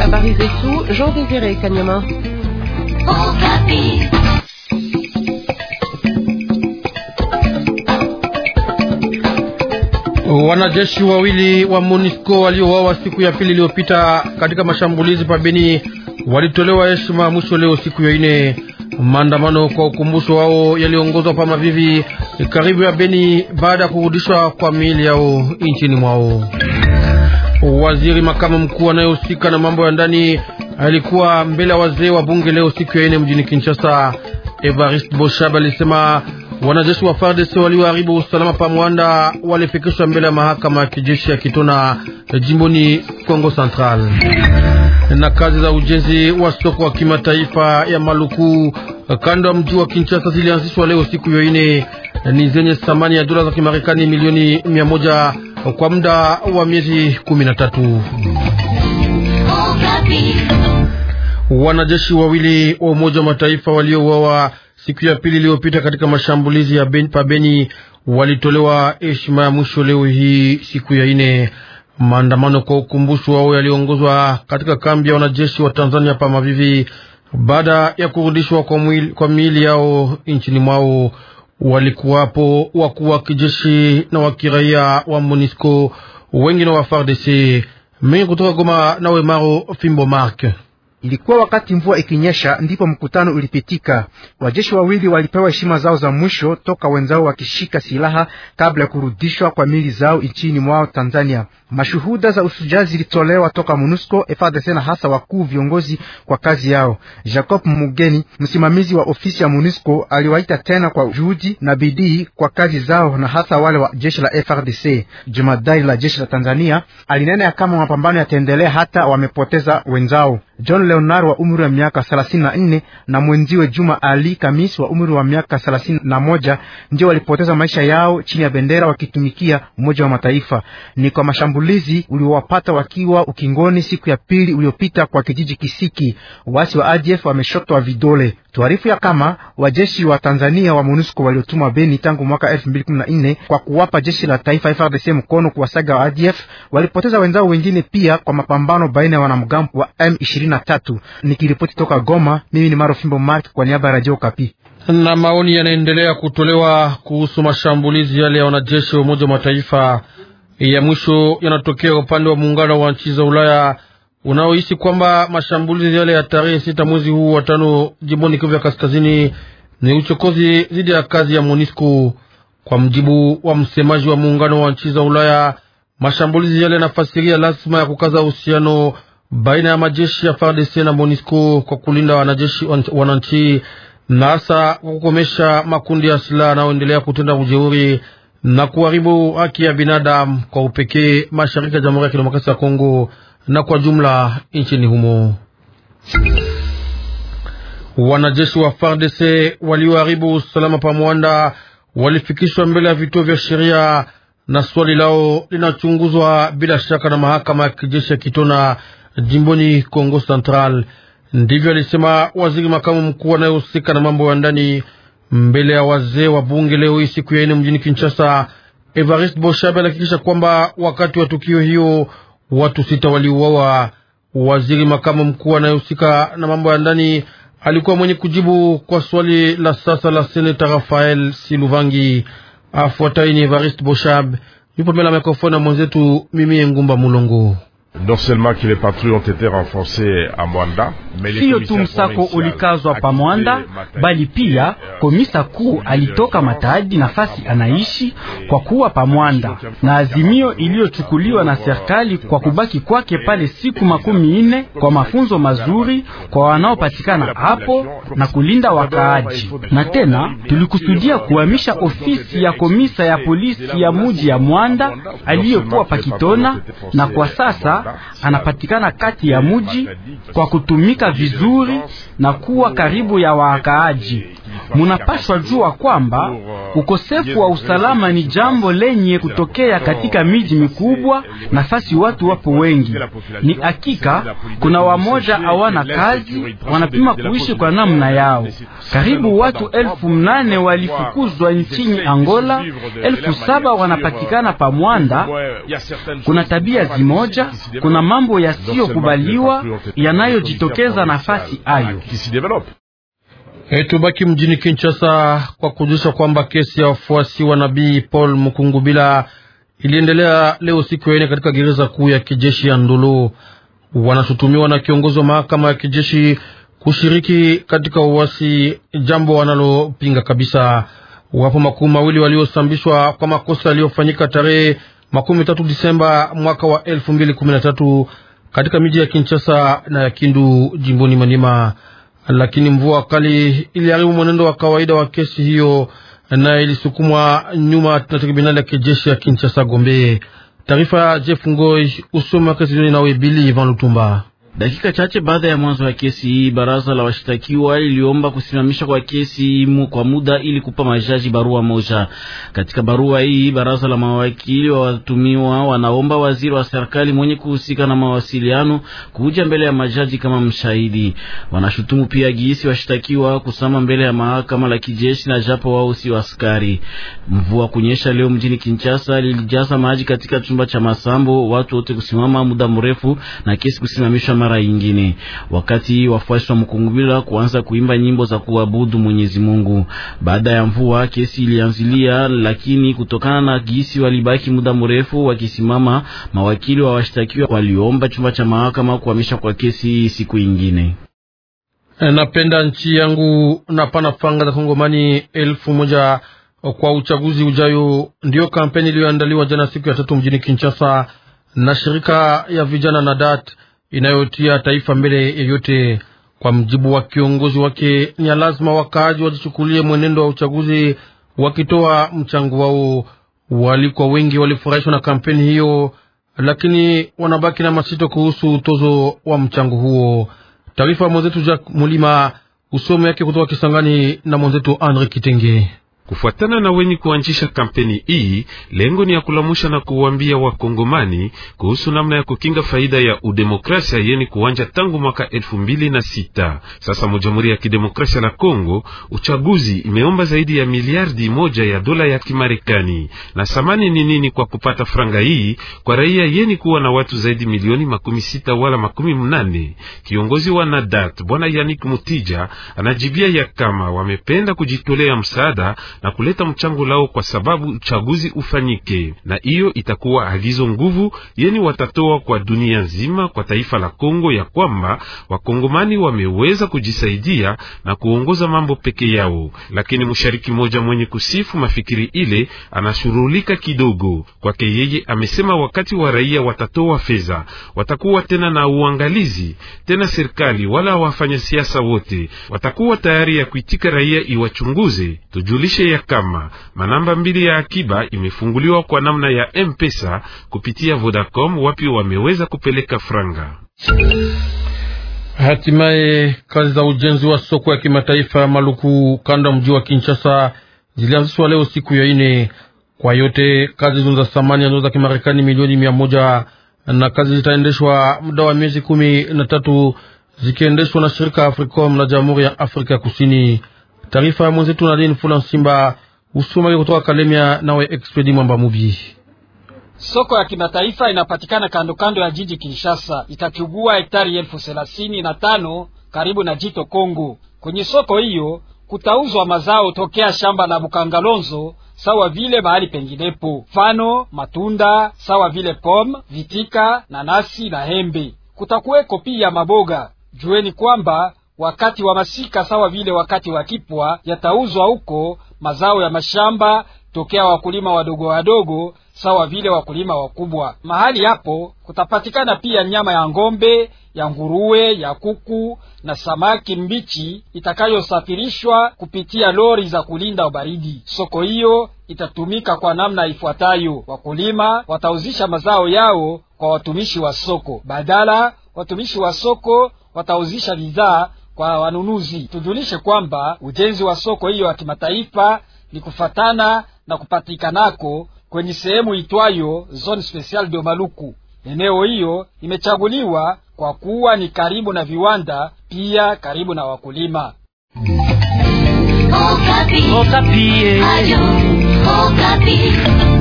Habari zetu Jean Désiré Kanyama. Okapi. Wanajeshi wawili wa MONUSCO waliouawa siku ya pili iliyopita katika mashambulizi pa Beni walitolewa heshima mwisho leo siku ya ine. Maandamano kwa ukumbusho wao yaliongozwa pa Mavivi karibu ya Beni baada ya kurudishwa kwa miili yao nchini mwao. Waziri makamu mkuu anayehusika na mambo ya ndani alikuwa mbele ya wazee wa bunge leo siku ya ine mjini Kinshasa. Evariste Boshab alisema wanajeshi wa FARDC walioharibu usalama pa Mwanda walifikishwa mbele ya mahakama ya kijeshi ya Kitona jimboni Kongo Central. Na kazi za ujenzi wa soko wa kimataifa ya Maluku kando ya mji wa Kinshasa zilianzishwa leo siku ya ine, ni zenye thamani ya dola za Kimarekani milioni mia moja kwa muda wa miezi kumi na tatu. Wanajeshi wawili wa Umoja wa Mataifa waliouawa siku ya pili iliyopita katika mashambulizi ya ben, pabeni walitolewa heshima ya mwisho leo hii siku ya ine. Maandamano kwa ukumbusho wao yaliongozwa katika kambi ya wanajeshi wa Tanzania pa Mavivi baada ya kurudishwa kwa miili yao nchini mwao walikuwapo wakuu wa kijeshi na wa kiraia wa MONUSCO wengine wa FARDC mengi kutoka Goma. Nawe Maro Fimbo Mark. Ilikuwa wakati mvua ikinyesha ndipo mkutano ulipitika. Wajeshi wawili walipewa heshima zao za mwisho toka wenzao wakishika silaha kabla ya kurudishwa kwa mili zao nchini mwao Tanzania. Mashuhuda za usujaa zilitolewa toka MONUSCO, FARDC na hasa wakuu viongozi kwa kazi yao. Jacob Mugeni, msimamizi wa ofisi ya MONUSCO, aliwaita tena kwa juhudi na bidii kwa kazi zao na hasa wale wa jeshi la FARDC. Jemadari la jeshi la Tanzania alinena ya kama mapambano yataendelea hata wamepoteza wenzao. John Leonard wa umri wa miaka 34 na mwenziwe Juma Ali Kamis wa umri wa miaka 31 ndio walipoteza maisha yao chini ya bendera wakitumikia Umoja wa Mataifa. Ni kwa mashambulizi ushambulizi uliowapata wakiwa ukingoni siku ya pili uliopita kwa kijiji Kisiki. Waasi wa ADF wameshotwa vidole. Tuarifu ya kama wajeshi wa Tanzania wa MONUSCO waliotumwa Beni tangu mwaka 2014 kwa kuwapa jeshi la taifa FARDC mkono kuwasaga wa ADF walipoteza wenzao wengine pia kwa mapambano baina ya wanamgambo wa M23. Nikiripoti toka Goma, mimi ni Maro Mark kwa niaba ya Radio Kapi na maoni yanaendelea kutolewa kuhusu mashambulizi yale ya wanajeshi wa Umoja wa Mataifa ya mwisho yanatokea upande wa muungano wa nchi za Ulaya unaoishi kwamba mashambulizi yale ya tarehe sita mwezi huu wa tano jimboni Kivu ya kaskazini ni uchokozi dhidi ya kazi ya MONUSCO. Kwa mjibu wa msemaji wa muungano wa nchi za Ulaya, mashambulizi yale yanafasiria lazima ya kukaza uhusiano baina ya majeshi ya FARDC na MONUSCO kwa kulinda wanajeshi wananchi na hasa kwa kukomesha makundi ya silaha yanayoendelea kutenda ujeuri na kuharibu haki ya binadamu kwa upekee mashariki ya Jamhuri ya Kidemokrasia ya Kongo na kwa jumla nchini humo. Wanajeshi wa FARDC walioharibu usalama pa Mwanda walifikishwa mbele ya vituo vya sheria na swali lao linachunguzwa bila shaka na mahakama ya kijeshi ya Kitona jimboni Kongo Central. Ndivyo alisema waziri makamu mkuu anayehusika na mambo ya ndani mbele ya wazee wa bunge leo hii siku ya ine mjini Kinshasa. Evariste Boshabe alihakikisha kwamba wakati wa tukio hiyo watu sita waliuawa. Waziri makamu mkuu anayehusika na mambo ya ndani alikuwa mwenye kujibu kwa swali la sasa la seneta Rafael Siluvangi. ni Evariste Boshab yupo mbele ya mikrofoni na mwenzetu mimi Ngumba Mulongo. Siyo tu msako ulikazwa pa Mwanda, bali pia euh, komisa kuu alitoka Matadi nafasi anaishi kwa kuwa pa Mwanda, na azimio iliyochukuliwa na serikali kwa kubaki kwake pale siku makumi ine kwa mafunzo mazuri kwa wanaopatikana hapo na kulinda wakaaji. Na tena tulikusudia kuhamisha ofisi ya komisa ya polisi ya muji ya Mwanda aliyokuwa pakitona na kwa sasa anapatikana kati ya muji kwa kutumika vizuri na kuwa karibu ya wakaaji. Munapashwa jua kwamba ukosefu wa usalama ni jambo lenye kutokea katika miji mikubwa, nafasi watu wapo wengi. Ni hakika kuna wamoja hawana kazi, wanapima kuishi kwa namna yao. Karibu watu elfu mnane walifukuzwa nchini Angola, elfu saba wanapatikana Pamwanda. Kuna tabia zimoja kuna mambo yasiyokubaliwa yanayojitokeza nafasi hayo. Eh, tubaki mjini Kinshasa kwa kujulisha kwamba kesi ya wafuasi wa nabii Paul Mukungubila iliendelea leo siku ya ine katika gereza kuu ya kijeshi ya Ndulu. Wanashutumiwa na kiongozi wa mahakama ya kijeshi kushiriki katika uasi, jambo wanalopinga kabisa. Wapo makumi mawili waliosambishwa kwa makosa yaliyofanyika tarehe makumi tatu Disemba mwaka wa elfu mbili kumi na tatu katika miji ya Kinshasa na ya Kindu jimboni Manima, lakini mvua kali iliharibu mwenendo wa kawaida wa kesi hiyo na ilisukumwa nyuma na tribunali ya kijeshi ya Kinshasa Gombe. Taarifa ya Jeff Ngoi usoma kesi nawe Bili Van Lutumba. Dakika chache baada ya mwanzo wa kesi hii, baraza la washtakiwa liliomba kusimamisha kwa kesi imu kwa muda ili kupa majaji barua moja. Katika barua hii, baraza la mawakili wa watumiwa wanaomba waziri wa serikali mwenye kuhusika na mawasiliano kuja mbele ya majaji kama mshahidi. Wanashutumu pia gisi washtakiwa kusama mbele ya mahakama la kijeshi na japo wao si askari. Mvua kunyesha leo mjini Kinshasa lilijaza maji katika chumba cha masambo, watu wote kusimama muda mrefu na kesi kusimamishwa mara ingine, wakati wafuasi wa Mkungubila kuanza kuimba nyimbo za kuabudu Mwenyezi Mungu. Baada ya mvua, kesi ilianzilia, lakini kutokana na gisi walibaki muda mrefu wakisimama, mawakili wa washtakiwa waliomba chumba cha mahakama kuhamisha kwa kesi siku ingine. Eh, napenda nchi yangu na pana panga za Kongomani elfu moja eh, kwa uchaguzi ujayo, ndiyo kampeni iliyoandaliwa jana siku ya tatu mjini Kinshasa na shirika ya vijana na DAT inayotia taifa mbele yeyote Kwa mjibu wa kiongozi wake, ni lazima wakaaji wajichukulie mwenendo wa uchaguzi wakitoa mchango wao. Walikuwa wengi walifurahishwa na kampeni hiyo, lakini wanabaki na masito kuhusu utozo wa mchango huo. Taarifa mwenzetu Jack Mulima, usome yake kutoka Kisangani na mwenzetu Andre Kitenge. Kufuatana na wenye kuanzisha kampeni hii, lengo ni ya kulamusha na kuwambia wakongomani kuhusu namna ya kukinga faida ya udemokrasia yeni kuanja tangu mwaka elfu mbili na sita. Sasa mujamhuri ya kidemokrasia la Kongo, uchaguzi imeomba zaidi ya miliardi moja ya dola ya Kimarekani. Na samani ni nini kwa kupata franga hii kwa raia yeni kuwa na watu zaidi milioni makumi sita wala makumi mnane? Kiongozi wa Nadat Bwana Yanik Mutija anajibia ya kama wamependa kujitolea msaada na kuleta mchango lao kwa sababu uchaguzi ufanyike, na hiyo itakuwa agizo nguvu yeni watatoa kwa dunia nzima, kwa taifa la Kongo, ya kwamba wakongomani wameweza kujisaidia na kuongoza mambo peke yao. Lakini mshariki mmoja mwenye kusifu mafikiri ile anashurulika kidogo. Kwake yeye amesema, wakati wa raia watatoa fedha, watakuwa tena na uangalizi tena, serikali wala wafanya siasa wote watakuwa tayari ya kuitika raia iwachunguze, tujulishe ya kama manamba mbili ya akiba imefunguliwa kwa namna ya Mpesa kupitia Vodacom, wapi wameweza kupeleka franga. Hatimaye kazi za ujenzi wa soko ya kimataifa ya Maluku kanda mji wa Kinshasa zilianzishwa leo siku ya ine. Kwa yote kazi zunza samani thamani ya dola za Kimarekani milioni mia moja na kazi zitaendeshwa muda wa miezi kumi na tatu zikiendeshwa na shirika Africom na Jamhuri ya Afrika Kusini. Taarifa ya mwenzetu Nadine Fula Simba usomake kutoka Kalemia, nawe Expedi Mwamba Mubi. Soko ya kimataifa inapatikana kando kando ya jiji Kinshasa, itachugua hektari elfu thelathini na tano karibu na jito Kongo. Kwenye soko hiyo kutauzwa mazao tokea shamba la Bukangalonzo sawa vile mahali penginepo, mfano matunda sawa vile pom, vitika, nanasi na hembe. Kutakuweko pia maboga. Jueni kwamba wakati wa masika sawa vile wakati wa kipwa, yatauzwa huko mazao ya mashamba tokea wakulima wadogo wadogo sawa vile wakulima wakubwa. Mahali hapo kutapatikana pia nyama ya ng'ombe, ya nguruwe, ya kuku na samaki mbichi itakayosafirishwa kupitia lori za kulinda ubaridi. Soko hiyo itatumika kwa namna ifuatayo: wakulima watauzisha mazao yao kwa watumishi wa soko, badala watumishi wa soko watauzisha bidhaa kwa wanunuzi. Tujulishe kwamba ujenzi wa soko hiyo ya kimataifa ni kufatana na kupatikanako kwenye sehemu itwayo Zone Special de Maluku. Eneo hiyo imechaguliwa kwa kuwa ni karibu na viwanda, pia karibu na wakulima. Okapi. Oh, Okapi. Oh, eh. Okapi.